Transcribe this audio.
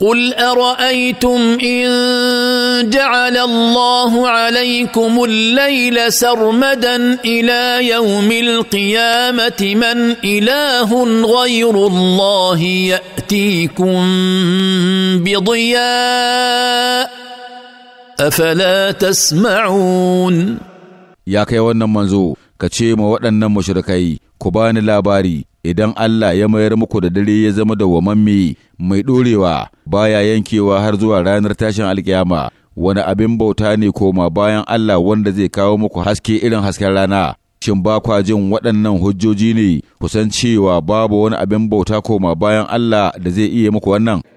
قل ارايتم ان جعل الله عليكم الليل سرمدا الى يوم القيامه من اله غير الله ياتيكم بضياء افلا تسمعون ya kai wannan manzo ka ce ma waɗannan mashirkai ku bani labari idan Allah ya mayar muku da dare ya zama dawwamamme mai ɗorewa baya yankewa har zuwa ranar tashin alkiyama wani abin bauta ne koma bayan Allah wanda zai kawo muku haske irin hasken rana shin ba kwa jin waɗannan hujjoji ne kusan cewa babu wani abin bauta koma bayan Allah da zai iya muku wannan